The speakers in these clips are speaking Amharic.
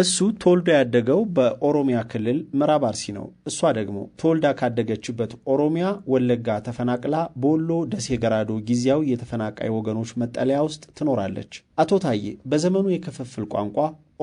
እሱ ተወልዶ ያደገው በኦሮሚያ ክልል ምዕራብ አርሲ ነው። እሷ ደግሞ ተወልዳ ካደገችበት ኦሮሚያ ወለጋ ተፈናቅላ በወሎ ደሴ ገራዶ ጊዜያዊ የተፈናቃይ ወገኖች መጠለያ ውስጥ ትኖራለች። አቶ ታዬ በዘመኑ የክፍፍል ቋንቋ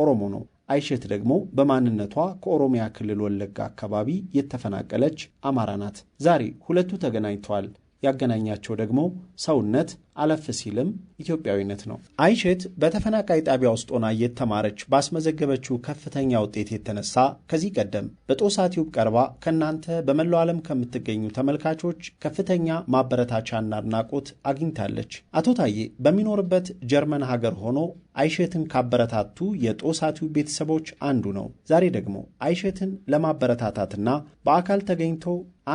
ኦሮሞ ነው። አይሸት ደግሞ በማንነቷ ከኦሮሚያ ክልል ወለጋ አካባቢ የተፈናቀለች አማራ ናት። ዛሬ ሁለቱ ተገናኝተዋል። ያገናኛቸው ደግሞ ሰውነት አለፍ ሲልም ኢትዮጵያዊነት ነው። አይሽት በተፈናቃይ ጣቢያ ውስጥ ሆና እየተማረች ባስመዘገበችው ከፍተኛ ውጤት የተነሳ ከዚህ ቀደም በጦሳ ቲዩብ ቀርባ ከእናንተ በመላው ዓለም ከምትገኙ ተመልካቾች ከፍተኛ ማበረታቻና አድናቆት አግኝታለች። አቶ ታዬ በሚኖርበት ጀርመን ሀገር ሆኖ አይሸትን ካበረታቱ የጦሳ ቲዩብ ቤተሰቦች አንዱ ነው። ዛሬ ደግሞ አይሸትን ለማበረታታትና በአካል ተገኝቶ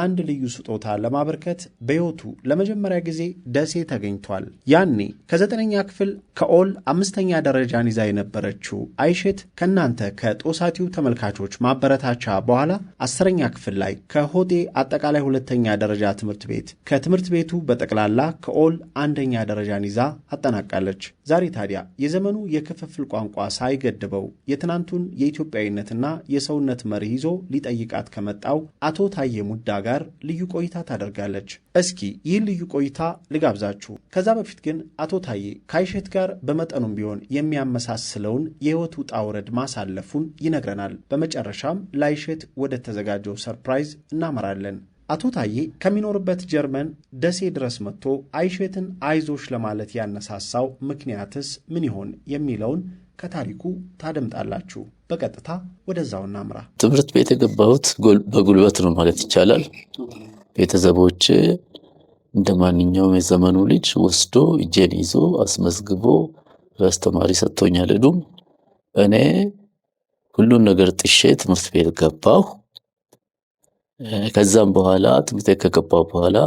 አንድ ልዩ ስጦታ ለማበርከት በሕይወቱ ለመጀመሪያ ጊዜ ደሴ ተገኝቷል። አልፏል። ያኔ ከዘጠነኛ ክፍል ከኦል አምስተኛ ደረጃን ይዛ የነበረችው አይሽት ከእናንተ ከጦሳቲው ተመልካቾች ማበረታቻ በኋላ አስረኛ ክፍል ላይ ከሆጤ አጠቃላይ ሁለተኛ ደረጃ ትምህርት ቤት ከትምህርት ቤቱ በጠቅላላ ከኦል አንደኛ ደረጃን ይዛ አጠናቃለች። ዛሬ ታዲያ የዘመኑ የክፍፍል ቋንቋ ሳይገድበው የትናንቱን የኢትዮጵያዊነትና የሰውነት መሪ ይዞ ሊጠይቃት ከመጣው አቶ ታዬ ሙዳ ጋር ልዩ ቆይታ ታደርጋለች። እስኪ ይህን ልዩ ቆይታ ልጋብዛችሁ። ከዛ በፊት ግን አቶ ታዬ ከአይሸት ጋር በመጠኑም ቢሆን የሚያመሳስለውን የህይወት ውጣ ውረድ ማሳለፉን ይነግረናል። በመጨረሻም ለአይሸት ወደ ተዘጋጀው ሰርፕራይዝ እናመራለን። አቶ ታዬ ከሚኖርበት ጀርመን ደሴ ድረስ መጥቶ አይሸትን አይዞሽ ለማለት ያነሳሳው ምክንያትስ ምን ይሆን የሚለውን ከታሪኩ ታደምጣላችሁ። በቀጥታ ወደዛው እናምራ። ትምህርት ቤት የገባሁት በጉልበት ነው ማለት ይቻላል። ቤተሰቦች እንደ ማንኛውም የዘመኑ ልጅ ወስዶ እጄን ይዞ አስመዝግቦ ለአስተማሪ ሰጥቶኛል። ዱም እኔ ሁሉን ነገር ጥሼ ትምህርት ቤት ገባሁ። ከዛም በኋላ ትምህርት ቤት ከገባሁ በኋላ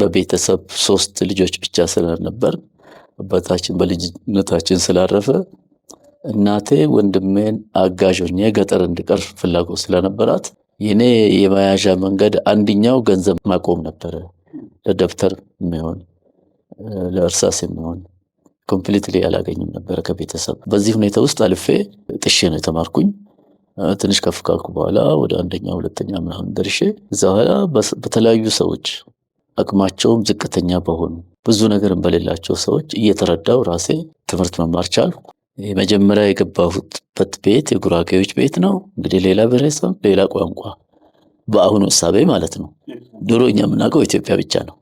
በቤተሰብ ሶስት ልጆች ብቻ ስለነበር አባታችን በልጅነታችን ስላረፈ እናቴ ወንድሜን አጋዥ ገጠር እንድቀር ፍላጎት ስለነበራት የኔ የመያዣ መንገድ አንድኛው ገንዘብ ማቆም ነበረ። ለደብተር የሚሆን ለእርሳስ የሚሆን ኮምፕሊትሊ አላገኝም ነበረ ከቤተሰብ። በዚህ ሁኔታ ውስጥ አልፌ ጥሼ ነው የተማርኩኝ። ትንሽ ከፍ ካልኩ በኋላ ወደ አንደኛ ሁለተኛ ምናምን ደርሼ እዛ በኋላ በተለያዩ ሰዎች አቅማቸውም ዝቅተኛ በሆኑ ብዙ ነገርም በሌላቸው ሰዎች እየተረዳው ራሴ ትምህርት መማር ቻልኩ። መጀመሪያ የገባሁበት ቤት የጉራጌዎች ቤት ነው። እንግዲህ ሌላ ብሔረሰብ፣ ሌላ ቋንቋ በአሁኑ እሳቤ ማለት ነው። ድሮ እኛ የምናውቀው ኢትዮጵያ ብቻ ነው።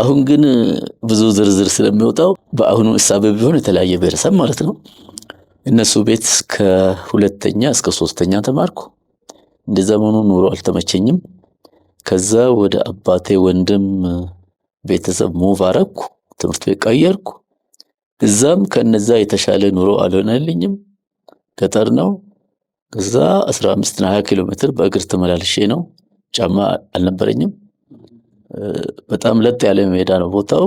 አሁን ግን ብዙ ዝርዝር ስለሚወጣው በአሁኑ እሳቤ ቢሆን የተለያየ ብሔረሰብ ማለት ነው። እነሱ ቤት ከሁለተኛ እስከ ሶስተኛ ተማርኩ። እንደ ዘመኑ ኑሮ አልተመቸኝም። ከዛ ወደ አባቴ ወንድም ቤተሰብ ሙቭ አረኩ፣ ትምህርት ቤት ቀየርኩ። እዛም ከነዛ የተሻለ ኑሮ አልሆነልኝም። ገጠር ነው። ከዛ 15 እና 20 ኪሎ ሜትር በእግር ተመላልሼ ነው። ጫማ አልነበረኝም። በጣም ለጥ ያለ ሜዳ ነው ቦታው።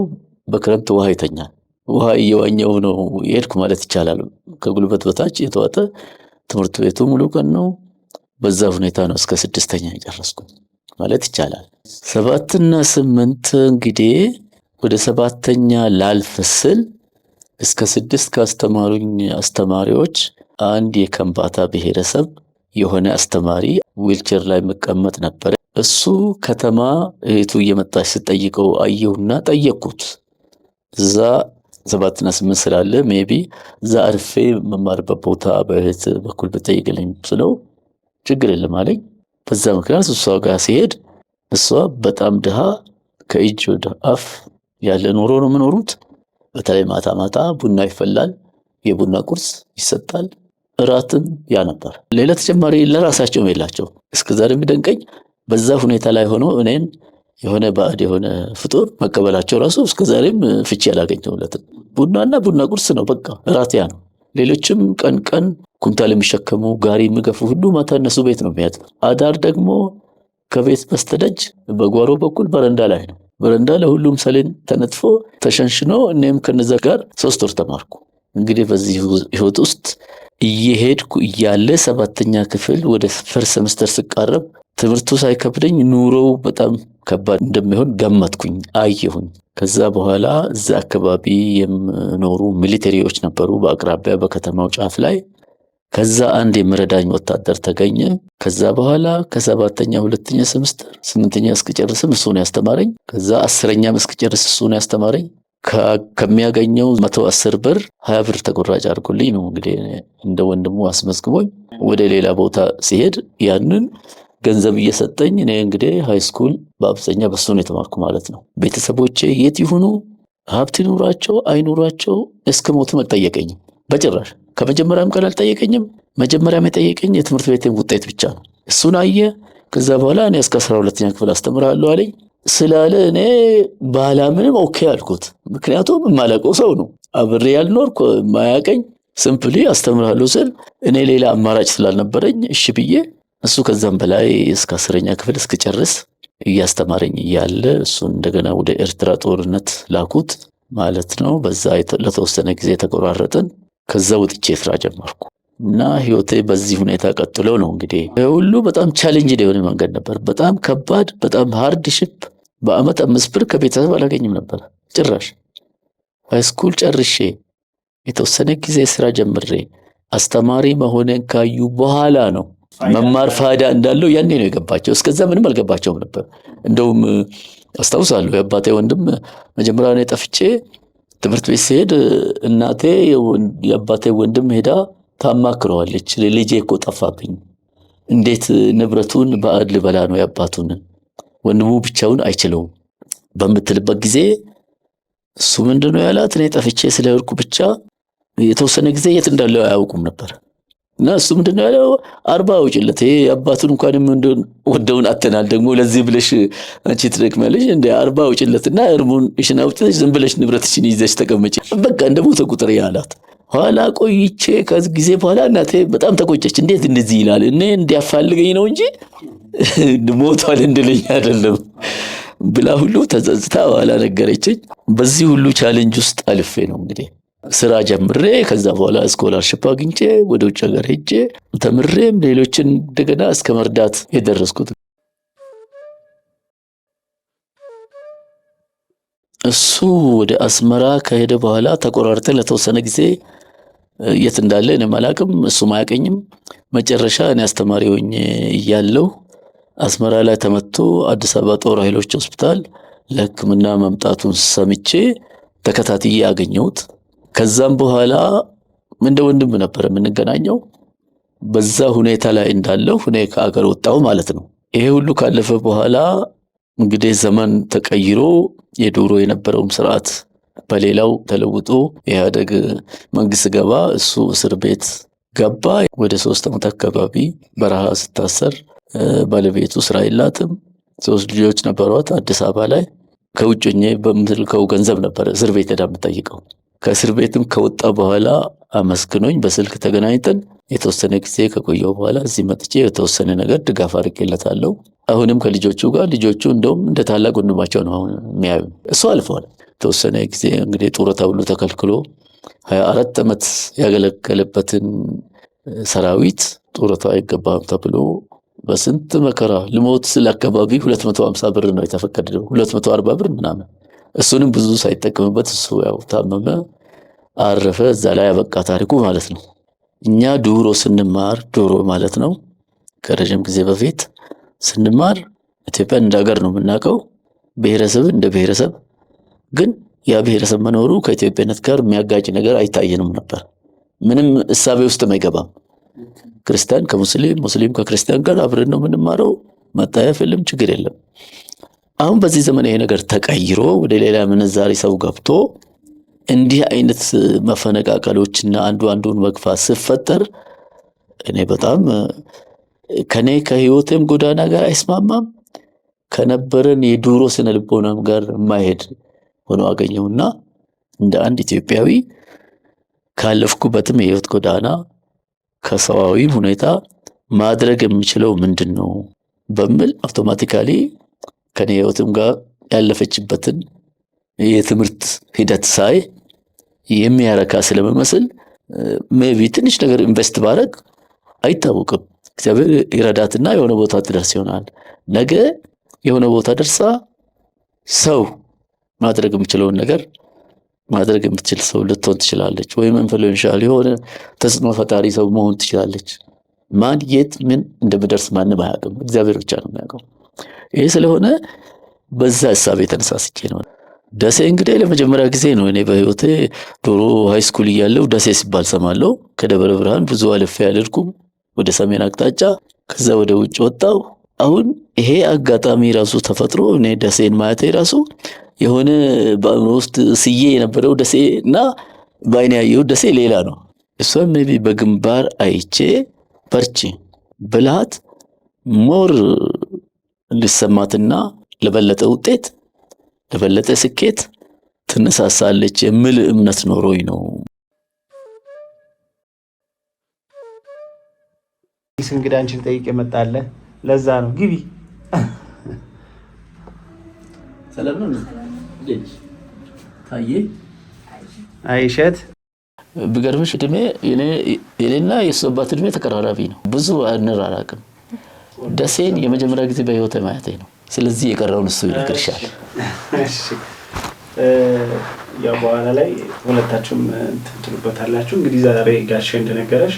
በክረምት ውሃ ይተኛል። ውሃ እየዋኘው ነው የሄድኩ ማለት ይቻላል። ከጉልበት በታች የተዋጠ ትምህርት ቤቱ ሙሉ ቀን ነው። በዛ ሁኔታ ነው እስከ ስድስተኛ የጨረስኩ ማለት ይቻላል። ሰባትና ስምንት እንግዲህ ወደ ሰባተኛ ላልፍ ስል እስከ ስድስት ካስተማሩኝ አስተማሪዎች አንድ የከምባታ ብሔረሰብ የሆነ አስተማሪ ዊልቸር ላይ መቀመጥ ነበረ። እሱ ከተማ እህቱ እየመጣች ስጠይቀው አየሁና ጠየቅኩት። እዛ ሰባትና ስምንት ስላለ ሜቢ እዛ አርፌ መማርበት ቦታ በእህት በኩል ብጠይቅልኝ ስለው ችግር የለም አለኝ። በዛ ምክንያት እሷ ጋር ሲሄድ እሷ በጣም ድሃ ከእጅ ወደ አፍ ያለ ኑሮ ነው የምኖሩት። በተለይ ማታ ማታ ቡና ይፈላል፣ የቡና ቁርስ ይሰጣል። እራትም ያ ነበር። ሌላ ተጨማሪ ለራሳቸውም የላቸው። እስከዛሬ የሚደንቀኝ በዛ ሁኔታ ላይ ሆኖ እኔን የሆነ ባዕድ የሆነ ፍጡር መቀበላቸው ራሱ እስከዛሬም ፍቺ ያላገኘሁለትን። ቡናና ቡና ቁርስ ነው፣ በቃ እራት ያ ነው። ሌሎችም ቀን ቀን ኩንታል የሚሸከሙ ጋሪ የሚገፉ ሁሉ ማታ እነሱ ቤት ነው የሚያጥ። አዳር ደግሞ ከቤት በስተደጅ በጓሮ በኩል በረንዳ ላይ ነው። በረንዳ ለሁሉም ሰሌን ተነጥፎ ተሸንሽኖ እኔም ከነዛ ጋር ሶስት ወር ተማርኩ። እንግዲህ በዚህ ህይወት ውስጥ እየሄድኩ እያለ ሰባተኛ ክፍል ወደ ፈርስት ሰምስተር ስቃረብ ትምህርቱ ሳይከብደኝ ኑሮው በጣም ከባድ እንደሚሆን ገመትኩኝ፣ አየሁኝ። ከዛ በኋላ እዛ አካባቢ የምኖሩ ሚሊተሪዎች ነበሩ በአቅራቢያ በከተማው ጫፍ ላይ። ከዛ አንድ የምረዳኝ ወታደር ተገኘ። ከዛ በኋላ ከሰባተኛ ሁለተኛ ሰምስተር ስምንተኛ እስክጨርስም እሱን ያስተማረኝ። ከዛ አስረኛም እስክጨርስ እሱን ያስተማረኝ። ከሚያገኘው መቶ አስር ብር ሀያ ብር ተቆራጭ አድርጎልኝ ነው እንግዲህ እንደ ወንድሙ አስመዝግቦኝ ወደ ሌላ ቦታ ሲሄድ ያንን ገንዘብ እየሰጠኝ እኔ እንግዲህ ሃይስኩል በአብዛኛ በሱ ነው የተማርኩ ማለት ነው። ቤተሰቦቼ የት ይሁኑ ሀብት ይኑራቸው አይኑራቸው እስከ ሞትም አልጠየቀኝም በጭራሽ። ከመጀመሪያም ቀን አልጠየቀኝም። መጀመሪያም የጠየቀኝ የትምህርት ቤት ውጤት ብቻ ነው። እሱን አየ። ከዛ በኋላ እኔ እስከ አስራ ሁለተኛ ክፍል አስተምራለሁ አለኝ። ስላለ እኔ ባላምንም ኦኬ አልኩት። ምክንያቱም የማላውቀው ሰው ነው አብሬ ያልኖርኩ ማያቀኝ ስምፕሊ አስተምርሃለሁ ስል እኔ ሌላ አማራጭ ስላልነበረኝ እሺ ብዬ እሱ ከዛም በላይ እስከ አስረኛ ክፍል እስክጨርስ እያስተማረኝ እያለ እሱን እንደገና ወደ ኤርትራ ጦርነት ላኩት ማለት ነው። በዛ ለተወሰነ ጊዜ ተቆራረጥን። ከዛ ወጥቼ ስራ ጀመርኩ እና ህይወቴ በዚህ ሁኔታ ቀጥሎ ነው እንግዲህ። ሁሉ በጣም ቻሌንጅ የሆነ መንገድ ነበር። በጣም ከባድ፣ በጣም ሃርድሽፕ በአመት አምስት ብር ከቤተሰብ አላገኝም ነበር ጭራሽ። ሃይስኩል ጨርሼ የተወሰነ ጊዜ ስራ ጀምሬ አስተማሪ መሆነ ካዩ በኋላ ነው መማር ፋይዳ እንዳለው ያኔ ነው የገባቸው። እስከዛ ምንም አልገባቸውም ነበር። እንደውም አስታውሳለሁ የአባቴ ወንድም መጀመሪያ እኔ ጠፍቼ ትምህርት ቤት ሲሄድ እናቴ የአባቴ ወንድም ሄዳ ታማክረዋለች። ልጄ እኮ ጠፋብኝ፣ እንዴት ንብረቱን ባዕድ ልበላ ነው የአባቱን ወንድሙ ብቻውን አይችለውም በምትልበት ጊዜ እሱ ምንድነው ያላት? እኔ ጠፍቼ ስለሄድኩ ብቻ የተወሰነ ጊዜ የት እንዳለው አያውቁም ነበር እና እሱ ምንድነው ያለው? አርባ አውጭለት ይሄ አባቱን እንኳን እንኳንም ወደውን አተናል ደግሞ ለዚህ ብለሽ አንቺ ትደክሚያለሽ እንደ አርባ እና እርሙን ሽን አውጭተሽ ዝም ብለሽ ንብረትሽን ይዘሽ ተቀመጪ በቃ እንደ ሞተ ቁጥር ያላት። ኋላ ቆይቼ ከዚህ ጊዜ በኋላ እናቴ በጣም ተቆጨች። እንዴት እንደዚህ ይላል? እኔ እንዲያፋልገኝ ነው እንጂ ሞቷል እንድልኝ አይደለም ብላ ሁሉ ተጸጽታ በኋላ ነገረችኝ። በዚህ ሁሉ ቻሌንጅ ውስጥ አልፌ ነው እንግዲህ ስራ ጀምሬ ከዛ በኋላ ስኮላርሽፕ አግኝቼ ወደ ውጭ ሀገር ሄጄ ተምሬም ሌሎችን እንደገና እስከ መርዳት የደረስኩት እሱ ወደ አስመራ ከሄደ በኋላ ተቆራርጠን ለተወሰነ ጊዜ የት እንዳለ እኔም አላቅም፣ እሱም አያቀኝም። መጨረሻ እኔ አስተማሪ ሆኜ እያለሁ አስመራ ላይ ተመቶ አዲስ አበባ ጦር ኃይሎች ሆስፒታል ለሕክምና መምጣቱን ሰምቼ ተከታትዬ ያገኘሁት። ከዛም በኋላ እንደ ወንድም ነበር የምንገናኘው። በዛ ሁኔታ ላይ እንዳለሁ እኔ ከአገር ወጣሁ ማለት ነው። ይሄ ሁሉ ካለፈ በኋላ እንግዲህ ዘመን ተቀይሮ የድሮ የነበረውም ስርዓት በሌላው ተለውጦ ኢህአዴግ መንግስት ገባ። እሱ እስር ቤት ገባ። ወደ ሶስት ዓመት አካባቢ በረሃ ስታሰር ባለቤቱ ስራ የላትም። ሶስት ልጆች ነበሯት አዲስ አበባ ላይ ከውጭኜ ሆኜ በምትልከው ገንዘብ ነበረ እስር ቤት ሄዳ የምጠይቀው። ከእስር ቤትም ከወጣ በኋላ አመስግኖኝ በስልክ ተገናኝተን የተወሰነ ጊዜ ከቆየው በኋላ እዚህ መጥቼ የተወሰነ ነገር ድጋፍ አድርጌለታለሁ። አሁንም ከልጆቹ ጋር ልጆቹ እንደውም እንደ ታላቅ ወንድማቸው ነው አሁን የሚያዩ። እሱ አልፈዋል። የተወሰነ ጊዜ እንግዲህ ጡረ ተብሎ ተከልክሎ ሀያ አራት ዓመት ያገለገለበትን ሰራዊት ጡረታ አይገባም ተብሎ በስንት መከራ ልሞት ስለ አካባቢ 250 ብር ነው የተፈቀደው፣ 240 ብር ምናምን። እሱንም ብዙ ሳይጠቀምበት እሱ ያው ታመመ፣ አረፈ። እዛ ላይ አበቃ ታሪኩ ማለት ነው። እኛ ዶሮ ስንማር ዶሮ ማለት ነው ከረዥም ጊዜ በፊት ስንማር ኢትዮጵያን እንደ ሀገር ነው የምናውቀው፣ ብሔረሰብን እንደ ብሔረሰብ። ግን ያ ብሔረሰብ መኖሩ ከኢትዮጵያነት ጋር የሚያጋጭ ነገር አይታየንም ነበር፣ ምንም እሳቤ ውስጥም አይገባም። ክርስቲያን ከሙስሊም ሙስሊም ከክርስቲያን ጋር አብረን ነው የምንማረው። መታየፍ የለም ችግር የለም። አሁን በዚህ ዘመን ይሄ ነገር ተቀይሮ ወደ ሌላ ምንዛሪ ሰው ገብቶ እንዲህ አይነት መፈነቃቀሎችና አንዱ አንዱን መግፋት ስፈጠር እኔ በጣም ከኔ ከህይወቴም ጎዳና ጋር አይስማማም ከነበረን የዱሮ ስነ ልቦናም ጋር የማይሄድ ሆኖ አገኘውና እንደ አንድ ኢትዮጵያዊ ካለፍኩበትም የህይወት ጎዳና ከሰዋዊ ሁኔታ ማድረግ የምችለው ምንድን ነው በሚል አውቶማቲካሊ ከኔ ህይወትም ጋር ያለፈችበትን የትምህርት ሂደት ሳይ የሚያረካ ስለሚመስል ሜቢ ትንሽ ነገር ኢንቨስት ባረግ አይታወቅም። እግዚአብሔር ይረዳትና የሆነ ቦታ ትደርስ ይሆናል። ነገ የሆነ ቦታ ደርሳ ሰው ማድረግ የምችለውን ነገር ማድረግ የምትችል ሰው ልትሆን ትችላለች። ወይም ኢንፍሉዌንሻል የሆነ ተጽዕኖ ፈጣሪ ሰው መሆን ትችላለች። ማን የት ምን እንደምደርስ ማንም አያውቅም፣ እግዚአብሔር ብቻ ነው የሚያውቀው። ይህ ስለሆነ በዛ ሀሳብ የተነሳስቼ ነው። ደሴ እንግዲህ ለመጀመሪያ ጊዜ ነው እኔ በህይወቴ። ዶሮ ሃይስኩል እያለው ደሴ ሲባል ሰማለው። ከደብረ ብርሃን ብዙ አልፌ አልሄድኩም ወደ ሰሜን አቅጣጫ፣ ከዛ ወደ ውጭ ወጣው። አሁን ይሄ አጋጣሚ ራሱ ተፈጥሮ እኔ ደሴን ማየቴ ራሱ የሆነ በአእምሮ ውስጥ ስዬ የነበረው ደሴ እና በአይን ያየው ደሴ ሌላ ነው። እሷም ቢ በግንባር አይቼ በርቺ ብላት ሞር ልሰማትና ለበለጠ ውጤት ለበለጠ ስኬት ትነሳሳለች የሚል እምነት ኖሮኝ ነው። ይህ አንቺን ጠይቅ የመጣለ ለዛ ነው ግቢ ሰላም ነው። ታዬ አይሸት ብገርምሽ እድሜ የኔና የሱ አባት እድሜ ተቀራራቢ ነው። ብዙ አንራራቅም። ደሴን የመጀመሪያ ጊዜ በህይወት ማየቴ ነው። ስለዚህ የቀረውን እሱ ይነግርሻል። ያው በኋላ ላይ ሁለታችሁም ትሉበታላችሁ። እንግዲህ ዛሬ ጋሼ እንደነገረሽ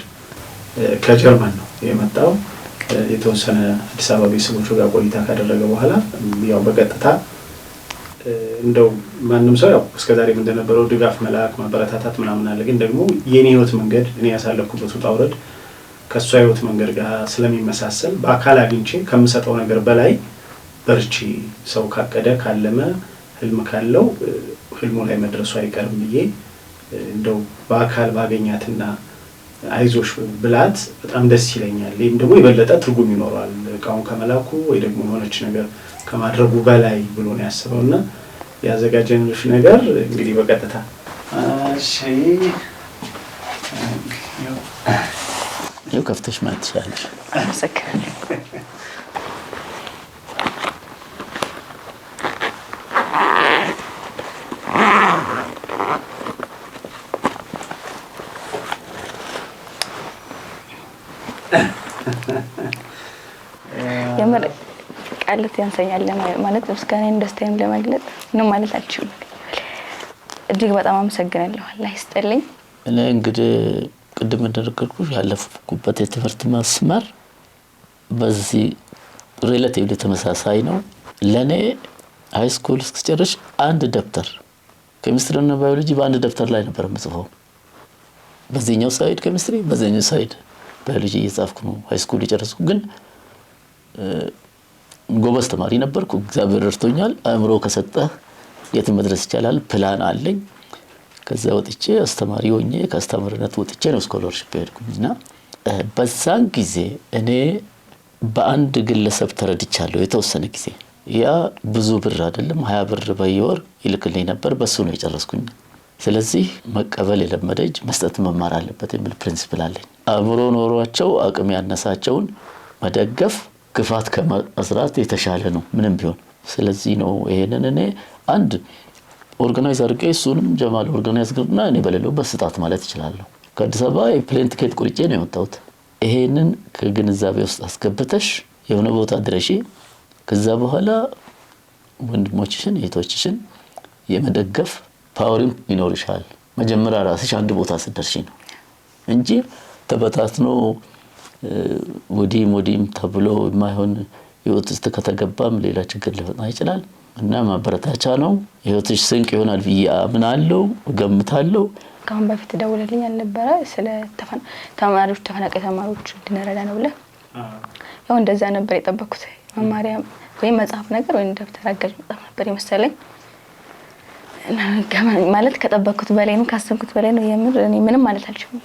ከጀርመን ነው የመጣው። የተወሰነ አዲስ አበባ ቤተሰቦቹ ጋር ቆይታ ካደረገ በኋላ ያው በቀጥታ እንደው ማንም ሰው ያው እስከዛሬም እንደነበረው ድጋፍ መላክ ማበረታታት ምናምን አለ። ግን ደግሞ የኔ ህይወት መንገድ እኔ ያሳለፍኩበት ውጣ ውረድ ከእሷ ህይወት መንገድ ጋር ስለሚመሳሰል በአካል አግኝቼ ከምሰጠው ነገር በላይ በርቺ፣ ሰው ካቀደ ካለመ ህልም ካለው ህልሙ ላይ መድረሱ አይቀርም ብዬ እንደው በአካል ባገኛትና አይዞሽ ብላት በጣም ደስ ይለኛል። ይህም ደግሞ የበለጠ ትርጉም ይኖረዋል እቃውን ከመላኩ ወይ ደግሞ የሆነች ነገር ከማድረጉ በላይ ብሎ ነው ያስበው እና ያዘጋጀንልሽ ነገር እንግዲህ በቀጥታ ይኸው ከፍተሽ ማለት ትችላለሽ። ቃላት ያንሰኛል ማለት ምስጋናን ደስታዬን ለመግለጽ ምንም ማለት አልችልም። እጅግ በጣም አመሰግናለሁ። አላህ ይስጠልኝ። እኔ እንግዲህ ቅድም እንደነገርኩሽ ያለፍኩበት የትምህርት መስመር በዚህ ሬላቲቭሊ ተመሳሳይ ነው። ለእኔ ሃይስኩል እስክጨርሽ አንድ ደብተር ኬሚስትሪና ባዮሎጂ በአንድ ደብተር ላይ ነበር የምጽፈው። በዚህኛው ሳይድ ኬሚስትሪ፣ በዚኛው ሳይድ ባዮሎጂ እየጻፍኩ ነው ሃይስኩል የጨረስኩ ግን ጎበዝ ተማሪ ነበርኩ። እግዚአብሔር ረድቶኛል። አእምሮ ከሰጠህ የትን መድረስ ይቻላል። ፕላን አለኝ። ከዛ ወጥቼ አስተማሪ ሆኜ ከአስተማሪነት ወጥቼ ነው ስኮለርሽፕ ሄድኩኝ እና በዛን ጊዜ እኔ በአንድ ግለሰብ ተረድቻለሁ የተወሰነ ጊዜ። ያ ብዙ ብር አይደለም፣ ሀያ ብር በየወር ይልክልኝ ነበር። በሱ ነው የጨረስኩኝ። ስለዚህ መቀበል የለመደ እጅ መስጠት መማር አለበት የሚል ፕሪንስፕል አለኝ። አእምሮ ኖሯቸው አቅም ያነሳቸውን መደገፍ ግፋት ከመስራት የተሻለ ነው ምንም ቢሆን። ስለዚህ ነው ይሄንን እኔ አንድ ኦርጋናይዝ አድርጌ እሱንም ጀማል ኦርጋናይዝ እና እኔ በሌለሁበት ስጣት ማለት እችላለሁ። ከአዲስ አበባ የፕሌን ትኬት ቁርጬ ነው የወጣሁት። ይሄንን ከግንዛቤ ውስጥ አስገብተሽ የሆነ ቦታ ድረሺ። ከዛ በኋላ ወንድሞችሽን እህቶችሽን የመደገፍ ፓወሪም ይኖርሻል። መጀመሪያ ራስሽ አንድ ቦታ ስደርሺ ነው እንጂ ተበታትኖ ወዲህም ወዲህም ተብሎ የማይሆን ህይወት ውስጥ ከተገባም ሌላ ችግር ሊፈጣ ይችላል እና ማበረታቻ ነው። ህይወትሽ ስንቅ ይሆናል ብዬ አምናለሁ፣ እገምታለሁ። ከአሁን በፊት ደውለልኝ አልነበረ ስለ ተማሪዎች ተፈናቃይ ተማሪዎች እንድንረዳ ነው ብለህ ያው እንደዛ ነበር የጠበኩት መማሪያ ወይም መጽሐፍ ነገር ወይም ደብተር አጋዥ መጽሐፍ ነበር የመሰለኝ። ማለት ከጠበኩት በላይ ነው፣ ካሰብኩት በላይ ነው። የምር እኔ ምንም ማለት አልችልም።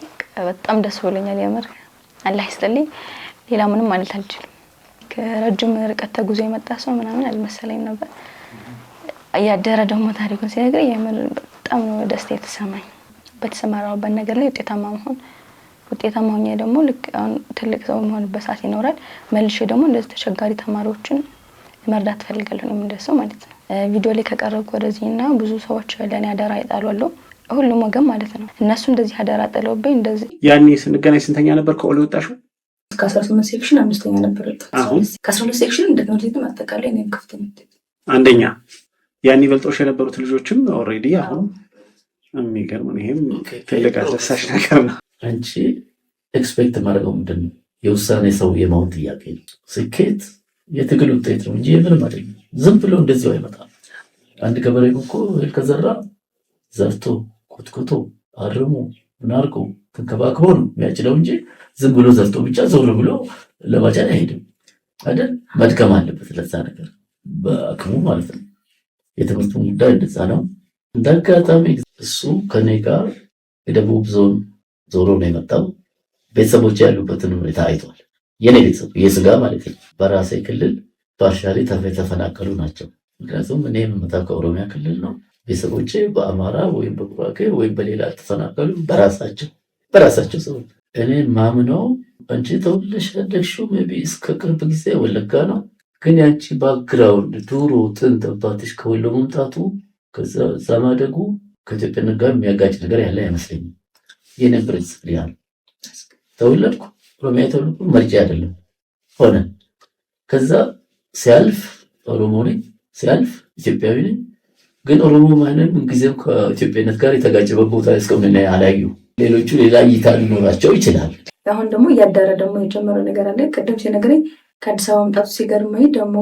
በጣም ደስ ብሎኛል የምር አላህ ይስጥልኝ። ሌላ ምንም ማለት አልችልም። ከረጅም ርቀት ተጉዞ የመጣ ሰው ምናምን አልመሰለኝ ነበር። እያደረ ደግሞ ታሪኩን ሲነግር የምር በጣም ነው ደስታ የተሰማኝ። በተሰማራሁበት ነገር ላይ ውጤታማ መሆን ውጤታማ ሆኜ ደግሞ ልክ አሁን ትልቅ ሰው መሆንበት ሰዓት ይኖራል። መልሼ ደግሞ እንደዚህ ተቸጋሪ ተማሪዎችን መርዳት ፈልጋለሁ። እኔም እንደሰው ማለት ነው። ቪዲዮ ላይ ከቀረብኩ ወደዚህ እና ብዙ ሰዎች ለእኔ አደራ ይጣሉ ሁሉም ወገን ማለት ነው። እነሱ እንደዚህ አደራ ጥለውብኝ እንደዚህ። ያኔ ስንገናኝ ስንተኛ ነበር ከኦሊ ወጣሽው? ከአስራ ስምንት ሴክሽን አምስተኛ ነበር አሁን ከአስራ ሁለት ሴክሽን እንደ ትምህርት ቤትም አጠቃላይ እኔም ከፍተ አንደኛ። ያኔ በልጦሽ የነበሩት ልጆችም ኦልሬዲ አሁን የሚገርም ይሄም ትልቅ አስደሳች ነገር ነው። አንቺ ኤክስፔክት ማድረገው ምንድን ነው? የውሳኔ ሰው የመሆን ጥያቄ ነው። ስኬት የትግል ውጤት ነው እንጂ የምንም አይደለም። ዝም ብሎ እንደዚሁ አይመጣም። አንድ ገበሬ እኮ ከዘራ ዘርቶ ኮትኩቶ አርሞ ምናርቆ ተንከባክቦ ነው የሚያጭለው እንጂ ዝም ብሎ ዘርጦ ብቻ ዞር ብሎ ለማጨድ አይሄድም አይደል? መድከም አለበት ለዛ ነገር በአክሙ ማለት ነው። የትምህርቱ ጉዳይ እንደዛ ነው። እንደ አጋጣሚ እሱ ከኔ ጋር የደቡብ ዞን ዞሮ ነው የመጣው። ቤተሰቦች ያሉበትን ሁኔታ አይቷል። የኔ ቤተሰብ የስጋ ማለት ነው። በራሴ ክልል በአርሻሪ ተፈናቀሉ ናቸው። ምክንያቱም እኔ የምመጣው ከኦሮሚያ ክልል ነው። ቤተሰቦች በአማራ ወይም በጉራጌ ወይም በሌላ ተፈናቀሉ። በራሳቸው በራሳቸው ሰው እኔ ማምነው አንቺ ተወልደሽ ያደግሽው ቢ እስከ ቅርብ ጊዜ ወለጋ ነው። ግን ያንቺ ባክግራውንድ ዱሮ ጥንት አባትሽ ከወሎ መምጣቱ ከዛ ማደጉ ከኢትዮጵያነት ጋር የሚያጋጭ ነገር ያለ አይመስለኝም። ይህ ነበር ያህል ተወለድኩ ኦሮሚያ የተወለድኩ መርጫ አይደለም ሆነ ከዛ ሲያልፍ ኦሮሞ ነኝ ሲያልፍ ኢትዮጵያዊ ነኝ ግን ኦሮሞ ማንን ምንጊዜም ከኢትዮጵያነት ጋር የተጋጨበት ቦታ እስከምን አላዩ ሌሎቹ ሌላ እይታ ሊኖራቸው ይችላል። አሁን ደግሞ እያዳረ ደግሞ የጀመረ ነገር አለ። ቅድም ሲነግረኝ ከአዲስ አበባ መምጣቱ ሲገርመኝ ደግሞ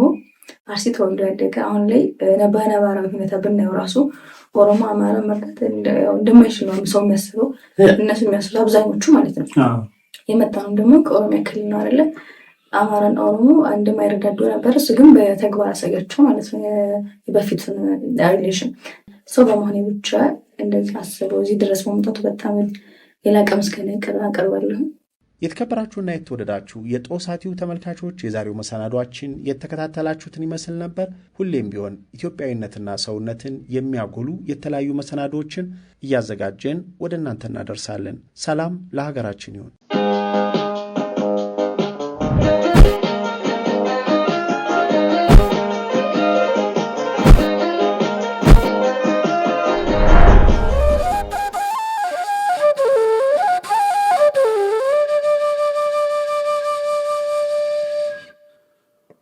አርሲ ተወልዶ ያደገ አሁን ላይ በነባራዊ ሁኔታ ብናየው ራሱ ኦሮሞ፣ አማራ መርዳት እንደማይችል ነው ሰው የሚያስበው እነሱ የሚያስበው አብዛኞቹ ማለት ነው። የመጣነው ደግሞ ከኦሮሚያ ክልል ነው አይደለ? አማራን ኦሮሞ አንድ ማይረዳዱ ነበር። እሱ ግን በተግባር አሳያቸው ማለት ነው። በፊት ሪሌሽን ሰው በመሆኔ ብቻ እንደዚህ አስበው እዚህ ድረስ መምጣቱ በጣም የላቀ ምስጋና አቀርባለሁ። የተከበራችሁና የተወደዳችሁ የጦሳቲው ተመልካቾች የዛሬው መሰናዷችን የተከታተላችሁትን ይመስል ነበር። ሁሌም ቢሆን ኢትዮጵያዊነትና ሰውነትን የሚያጎሉ የተለያዩ መሰናዶዎችን እያዘጋጀን ወደ እናንተ እናደርሳለን። ሰላም ለሀገራችን ይሁን።